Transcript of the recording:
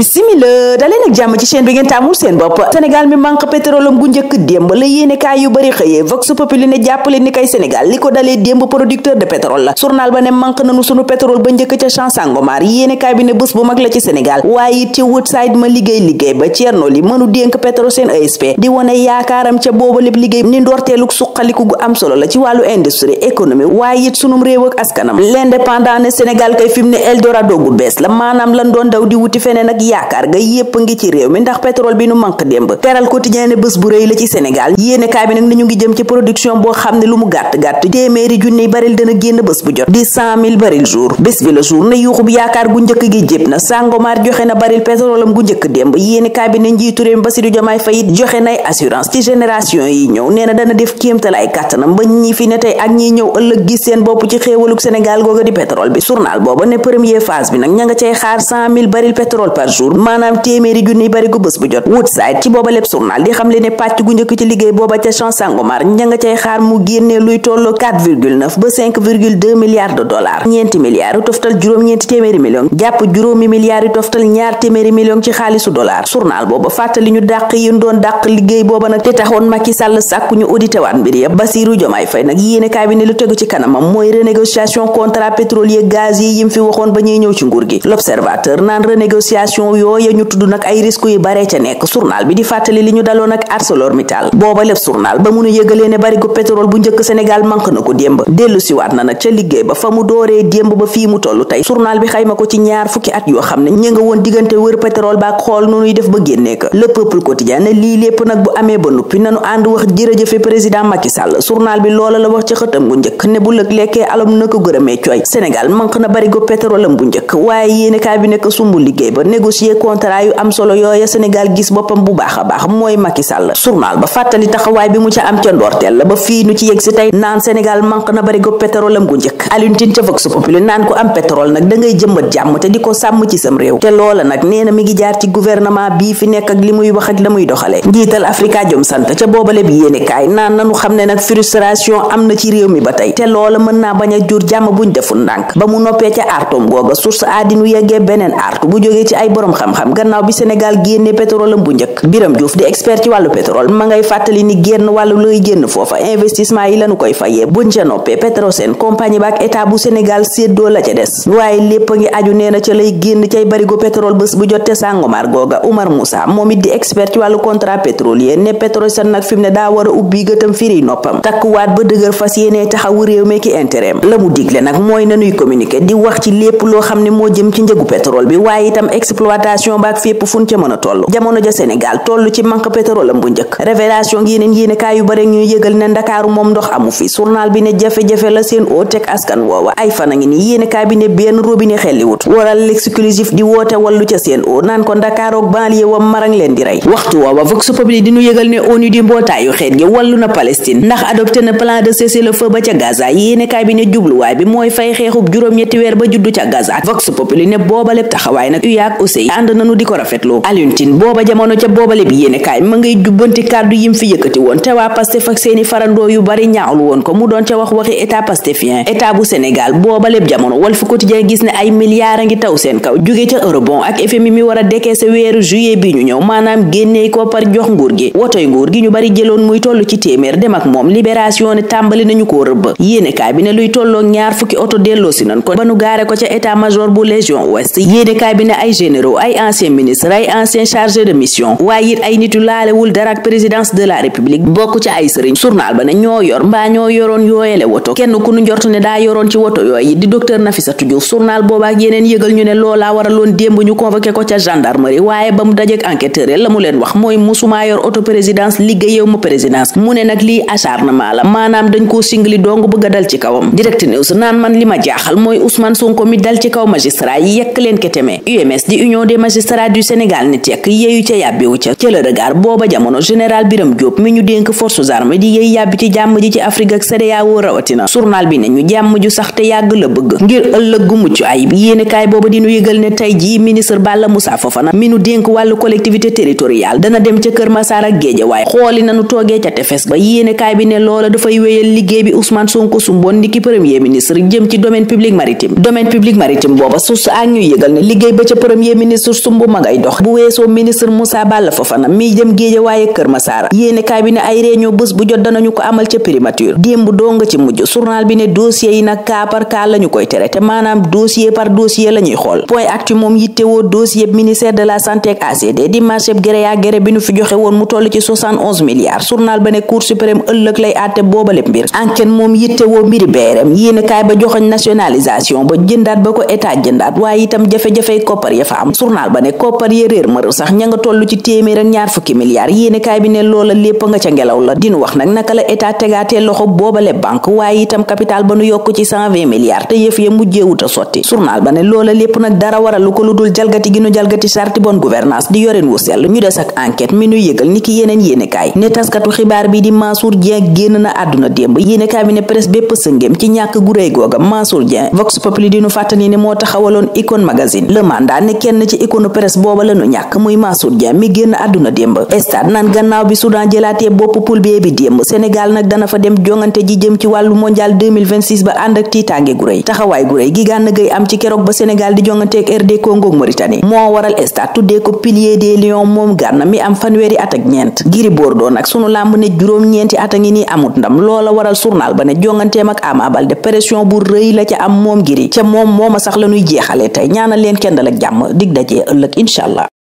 bisimila daleen ak jàmm ci chaîne bi ngeen tàmmul seen bopp sénégal mi manque pétrole gu njëkk démb la yéenekaay yu bari xëyee vox populi ne jàppale ni kay sénégal li ko dalee démb producteur de pétrole la journal ba ne manque nanu sunu pétrole ba njëkk ca champ Sangomar yéenekaay bi ne bés bu mag la ci sénégal waaye it ca Woodside ma liggéey liggéey ba Thierno Ly mënu dénk Petrosen ASP di wone yaakaaram ca booba lépp liggéey ni yaakaar nga yépp ngi ci réew mi ndax pétrole bi nu manque démb teral quotidien ne bés bu rëy la ci Sénégal yéene kaay bi ngi jëm ci production boo xam ne lu mu gàtt-gàtt téeméeri junniy baril dana génn bés bu jot di baril jour bés bi la jour ne yuuxub yaakaar gu njëkk gi jéb na sàngomaar joxe na baril pétrole gu njëkk démb yéene kaay njiitu réew mi Bassirou Diomaye Faye it joxe nay assurance ci génération yi ñëw nee dana def kéemtal ay jour maanaam téeméeri junniy barigo bés bu jot Woodside ci booba lépp journal di xamle ne pàcc gu njëkk ci liggéey booba ca Champ Sangomar ña nga cay xaar mu génnee luy tollu yi doon dàq liggéey booba nag te taxoon Macky Sall sàkku ñu audité waat mbir ya Bassirou Diomaye Faye nag yéene kaay bi ne lu tegu ci kanamam mooy renégociation contrat pétrolier gaz yi yim fi waxoon ba ñuy ñëw ci nguur gi l'observateur naan renégociation opération yooya ñu tudd nag ay risques yu baree ca nekk journal bi di fàttali li ñu daloon mu nu yëgalee ne nag ca liggéey ba fa mu dooree démb ba fii mu toll tey journal bi xayma ko ci ñaar fukki at yoo xam ne ñi nga woon diggante wër pétrole ba ko le peuple quotidien ne lii lépp nag bu amee ba nuppi nanu ànd wax jërëjëfe président la wax ci xëtam bu njëkk ne bu lëg lekkee na ko gërëmee cooy Sénégal manque na barigu pétrole am bu njëkk waaye yéene kaa bi nekk liggéey ba négocier contrat am a baax réew mi ba tey te loola mën naa bañ a jur jàmm buñ deful ndànk ba mu noppee ca artom googa source aadinu yeggee beneen artu bu jógee ci ay borom xam-xam gannaaw bi Sénégal génne pétrole bu ñëk Biram juuf di expert ci walu pétrole ma ngay fatali ni génn walu lay génn foofa investissement yi lanu koy fayé buñ ca noppé Petrosen compagnie bak état bu Sénégal séddoo la ca dess waye lepp nga aju néna ci lay génn barigo pétrole bëss bu jotté sangomar goga Umar Moussa moom di expert ci walu contrat pétrolier né pétrosen nak fimné da wara ubbi gëtam firi noppam waat ba dëgër fas yéné taxaw réew mé ki intérêt la mu digle nag mooy nanuy di wax ci lepp lo xamné mo jëm ci pétrole bi waye itam exploitation baak fépp fun ca mën a toll jamono ja Sénégal toll ci manque pétrole am bu njëkk révélation gi yeneen yéenekaay yu bare ñuy yëgal ne ndakaaru moom ndox amu fi journal bi ne jafe-jafe la seen oo teg askan woowa ay fan a ngi nii yéenekaay bi ne benn robinet xelliwut waral l'exclusif di woote wallu ca seen oo naan ko ndakaarook banlieue wa marang leen di rey waxtu woowa vox populi di ñu yëgal ne ONU di mbootaayu xeet gi wallu na Palestine ndax adopté bi ne jubluwaay bi mooy fay xeexub weer ba juddu ca Gaza yi ànd nañu di ko rafetlu Alioune Tine booba jamono ca boobale bi yéene ma ngay jubbanti kàddu yim fi yëkkati woon te waa Pastef ak seeni farandoo yu bari ñaawlu woon ko mu doon ca wax waxi état pastefien état bu Sénégal boobaleb jamono Walf Quotidien gis a ngi taw seen kaw jóge ca eurobond ak a décaisser ko par nguur gi wotoy nguur gi ñu bari jëloon muy toll ci téeméer dem ak moom libération ne tàmbali nañu koo rëbb yéene bi ne luy tolloo ñaar fukki oto delloo nan ko ba nu gaare ko ca état réew ay ancien ministre ay ancien chargé de mission waaye it ay nitu laalewul dara ak présidence de la république bokk ay sëriñ ba ne ñoo yor mbaa ñoo yoroon yooyele woto kenn ku nu njort ne daa yoroon ci woto yooyu di docteur Nafissatou Diouf journal booba yeneen yëgal ñu ne loolaa waraloon démb ñu convoqué ko ca gendarmerie waaye ba mu dajek enquêteur la mu leen wax mooy musuma yor auto présidence liggéeyew ma présidence mu ne nag li union des magistrats du Sénégal ni tekk yeeyu ca yàbbiwu ca ca jàmm ji ci Afrique ak CEDEAO rawatina journal bi ne ñu jàmm ju sax te yàgg la bëgg ngir ëllëg gu mucc ayib yéenekaay booba di ñu yëgal ne tey jii ministre Balla Moussa Fofana mi nu dénk wàllu collectivité teritorial dana dem ca Kër Massar ak Guédiawaye xooli nanu toogee ca tefes ba yéenekaay bi ne loola dafay wéyal liggéey bi Ousmane Sonko sumboon niki premier ministre jëm ci domaine public maritime domaine public maritime booba sus ak ñu yëgal ne liggéey ba ca premier ministre ministre sumb ma ngay dox bu weesoo ministre Moussa Balla Fofana mi jëm Guédiawaye Kër Massara yéene kaay bi ne ay réunion bés bu jot danañu ko amal ca primature démb doo nga ci mujj journal bi ne dossier yi nag cas par cas la ñu koy tere te maanaam dossier par dossier la ñuy xool point actu moom yittewoo dossier ministère de la santé ak ACD di marché gré à gré bi nu fi joxe woon mu toll ci milliards journal ba ne cour suprême ëllëg lay àtte boobale mbir ba joxoñ nationalisation ba am journal ba ne koppar ya réer mar sax ña nga toll ci téeméer ak ñaar fukki milliards yéene kay bi ne loola lépp nga ca ngelaw la dinu wax nak naka la état tégaté loxo boobale banque waye itam capital ba nu yokk ci 120 milliards te yef ye ya mujjeewut a soti journal ba ne loola lépp nak dara waralu ko jalgati gi nu jalgati charte bonne gouvernance di yoreen wu sel ñu dess ak enquête mi nu yëgal niki ki yeneen kay ne taskatu xibaar bi di Mansour Dieng génn na aduna demb yéene kay bi ne presse bépp sëngem ci ñàkk gu reey goga Mansour Dieng vox populi dinu fatani ne mo taxawalon icon magazine le mandat ne kenn kenn ci icône presse booba la ñu ñàkk muy Massoud Dia mi génn àdduna démb stade naan gannaaw bi Soudan jëlaatee bopp poule B bi démb Sénégal nag dana fa dem jongante ji jëm ci wàllu mondial 2026 ba ànd ak tiitaange gu rëy taxawaay gu rëy gi gànn gay am ci keroog ba Sénégal di jonganteeg RD Congo ak Mauritanie moo waral stade tuddee ko pilier des lions moom gànn mi am fanweeri at ak ñeent Gris Bordeaux nag sunu làmb ne juróom-ñeenti at a ngi nii amut ndam loola waral journal ba ne jonganteem ak Ama Baldé pression bu rëy la ca am moom Gris ca moom mooma sax la ñuy jeexale tey ñaanal leen kendal ak الدقيقة يقول لك إن شاء الله